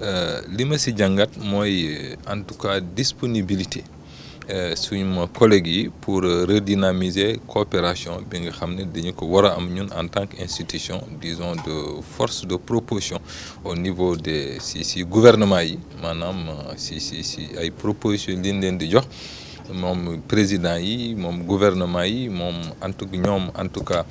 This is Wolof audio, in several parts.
Euh, li ma si jàngat mooy euh, en tout cas disponibilité euh, suñu ma collègues yi pour redynamiser coopération bi nga xam ne dañu ko war a am ñun en tant qu'institution disons de force de proposition au niveau des si si gouvernement yi maanaam si si si ay proposition liñ leen di jox moom président yi moom gouvernement yi moom en tout ñoom en tout cas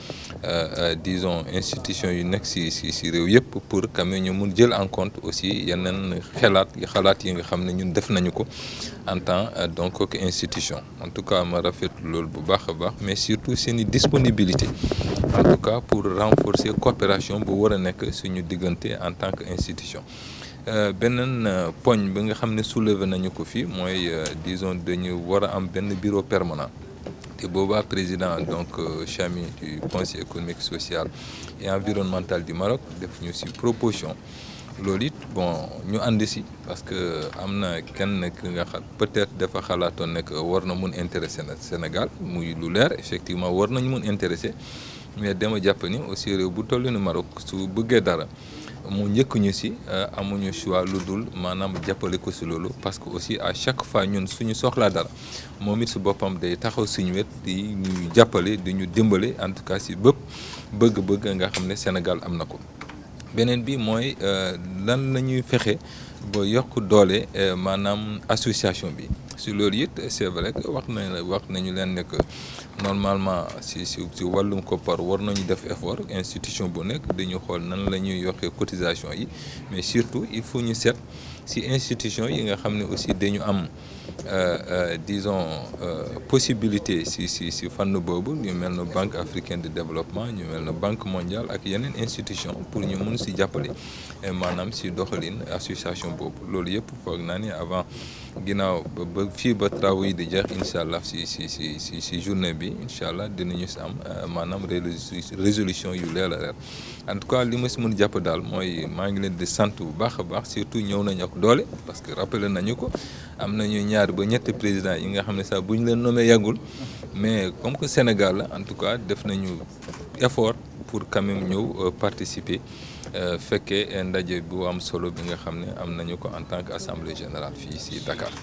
euh, euh, disons institution yu nekk si si si réew yëpp pour quand même ñu mun jël en compte aussi yeneen xalaat xalaat yi nga xam ne ñun def nañu ko en tant euh, donc que institution en tout cas ma rafet loolu bu baax a baax mais surtout seeni disponibilité en tout cas pour renforcer coopération bu war a nekk suñu diggante en tant que institution Euh, beneen euh, poñ bi nga xam ne soulevé nañu ko fii mooy euh, disons dañu war a am benn bureau permanent te boobaa président donc Chami du conseil économique social et environnemental du Maroc def ñu si proposition loolu it bon ñu ànd si parce que am na kenn ki nga xam peut-être dafa xalaatoon ne war na mun intéressé na Sénégal muy lu leer effectivement war nañ mun intéressé mais dama jàpp ni aussi réew bu toll ni Maroc su bëggee dara mu njëkk ñu si euh, amuñu choix lu dul maanaam jàppale ko si loolu parce que aussi à chaque fois ñun suñu soxlaa dara moom it su boppam day taxaw suñu wet di ñu jàppale di ñu dimbale en tout cas si bëpp bëgg-bëgg nga xam ne Sénégal am na ko beneen bi mooy euh, lan la ñuy fexe ba yokk doole euh, maanaam association bi si loolu it c' est vrai wax nañ la wax nañu leen ne que si si si wàllum koppar war nañu def effort institution bu nekk dañu xool nan la ñuy yokkee cotisation yi mais surtout il faut ñu set si institution yi nga xam ne aussi dañu am euh, euh, disons euh, possibilité si si si fànn boobu ñu mel na banque africaine de développement ñu mel na banque mondiale ak yeneen institution pour ñu mun si jàppale maanaam si doxalin association boobu loolu yëpp foog naa ne avant ginnaaw ba fii ba travaux yi di jeex incha allah si si si si si journée bi incha allah dinañu si am euh, maanaam résolution yu leer a leer en tout cas li ma si mën jàpp daal mooy maa ngi leen di sant bu baax a baax surtout ñëw nañu ak doole parce que rappelé nañu ko am nañu ñaar ba ñetti président yi nga xam ne sax bu ñu leen nommé yàggul mais comme que Sénégal la en tout cas def nañu effort pour quand même ñëw euh, participer Euh, fekkee ndaje bu am solo bi nga xam ne am nañu ko en tant que assemblée générale fii si Dakar.